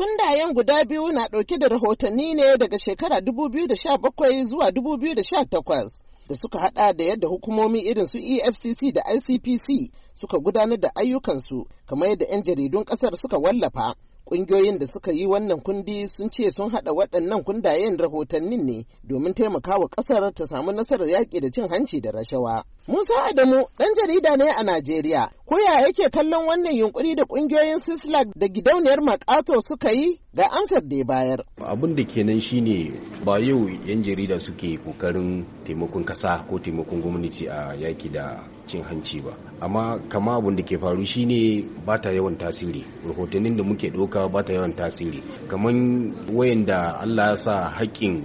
Kundayen guda biyu na ɗauke da rahotanni ne daga shekara 2017 zuwa 2018 da suka haɗa da yadda hukumomi irin su EFCC da ICPC suka gudanar da ayyukansu kamar yadda 'yan jaridun ƙasar suka wallafa. Ƙungiyoyin da suka yi wannan kundi sun ce sun haɗa waɗannan kundayen rahotannin ne domin taimakawa ƙasar ta samu nasarar yaƙi da cin hanci da rashawa. Musa Adamu ɗan jarida ne a Najeriya Koya yake kallon wannan yunkuri da kungiyoyin Sislak da gidauniyar Makato suka yi ga amsar da ya bayar. Abin da kenan shine ba yau 'yan jarida suke kokarin taimakon kasa ko taimakon gwamnati a yaki da cin hanci ba. Amma kama abin da ke faru shine ba ta yawan tasiri. Rahotannin da muke ɗauka ba ta yawan tasiri. Kamar wayanda Allah ya sa haƙƙin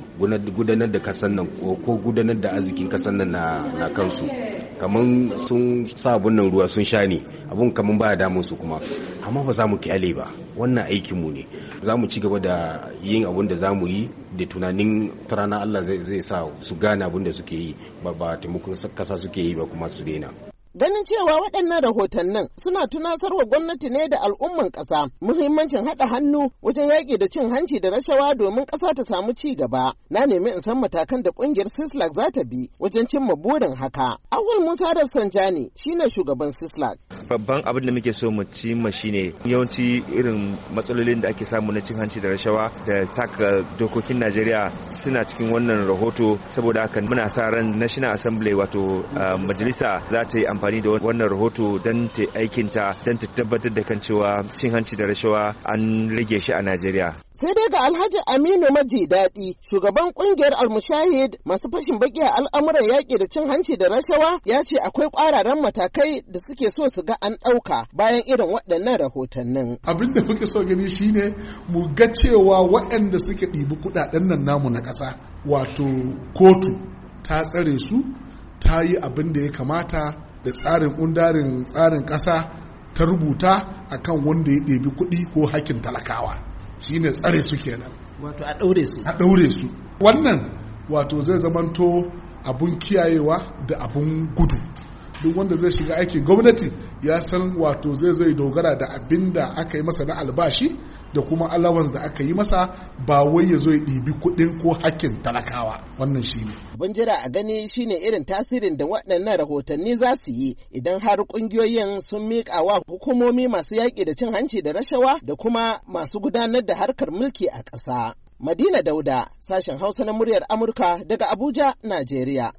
gudanar da kasan nan ko gudanar da arzikin kasan nan na kansu. kaman sun sa abin nan ruwa sun sha ne ne abun kaman baya damun su kuma amma ba za mu kyale ba wannan aikin mu ne za mu ci gaba da yin abun da za mu yi da tunanin rana Allah zai sa su gane abun da suke yi ba ba taimakon kasa suke yi ba kuma su daina Ganin cewa waɗannan rahotannin suna tunasarwa gwamnati ne da al'umman ƙasa muhimmancin haɗa hannu wajen yaƙi da cin hanci da rashawa domin ƙasa ta samu ci gaba. Na nemi in san matakan da ƙungiyar Sislak za ta bi wajen cimma burin haka. Awal Musa Rafsanjani shine shugaban Sislak. babban abin da muke so mu ci ma shine yawanci irin matsalolin da ake samu na cin hanci da rashawa da taka dokokin najeriya suna cikin wannan rahoto saboda haka muna sa ran national assembly wato majalisa za ta yi amfani da wannan rahoto don ta aikinta don ta tabbatar da kan cewa cin hanci da rashawa an rage shi a najeriya sai dai ga alhaji aminu maji daɗi shugaban ƙungiyar almushahid masu fashin baki a al'amuran yaƙi da cin hanci da rashawa ya ce akwai ƙwararan matakai da suke so su ga an ɗauka bayan irin waɗannan rahotannin abin da muke so gani shine mu ga cewa waɗanda suke ɗibi kuɗaɗen nan namu na ƙasa wato kotu ta tsare su ta yi abin da ya kamata da tsarin undarin tsarin ƙasa ta rubuta akan wanda ya ɗebi kuɗi ko hakkin talakawa shine tsare su kenan wato a daure su a daure su wannan wato zai zamanto abun kiyayewa da abun gudu duk wanda zai shiga aikin gwamnati ya san wato zai zai dogara da abin da aka yi masa na albashi da kuma allowance da aka yi masa ba wai ya zo ya ɗibi kuɗin ko hakkin talakawa wannan shi ne. Abin jira a gani shine irin tasirin da waɗannan rahotanni za su yi idan har ƙungiyoyin sun miƙa wa hukumomi masu yaƙi da cin hanci da rashawa da kuma masu gudanar da harkar mulki a ƙasa. Madina Dauda, sashen Hausa na muryar Amurka daga Abuja, Najeriya.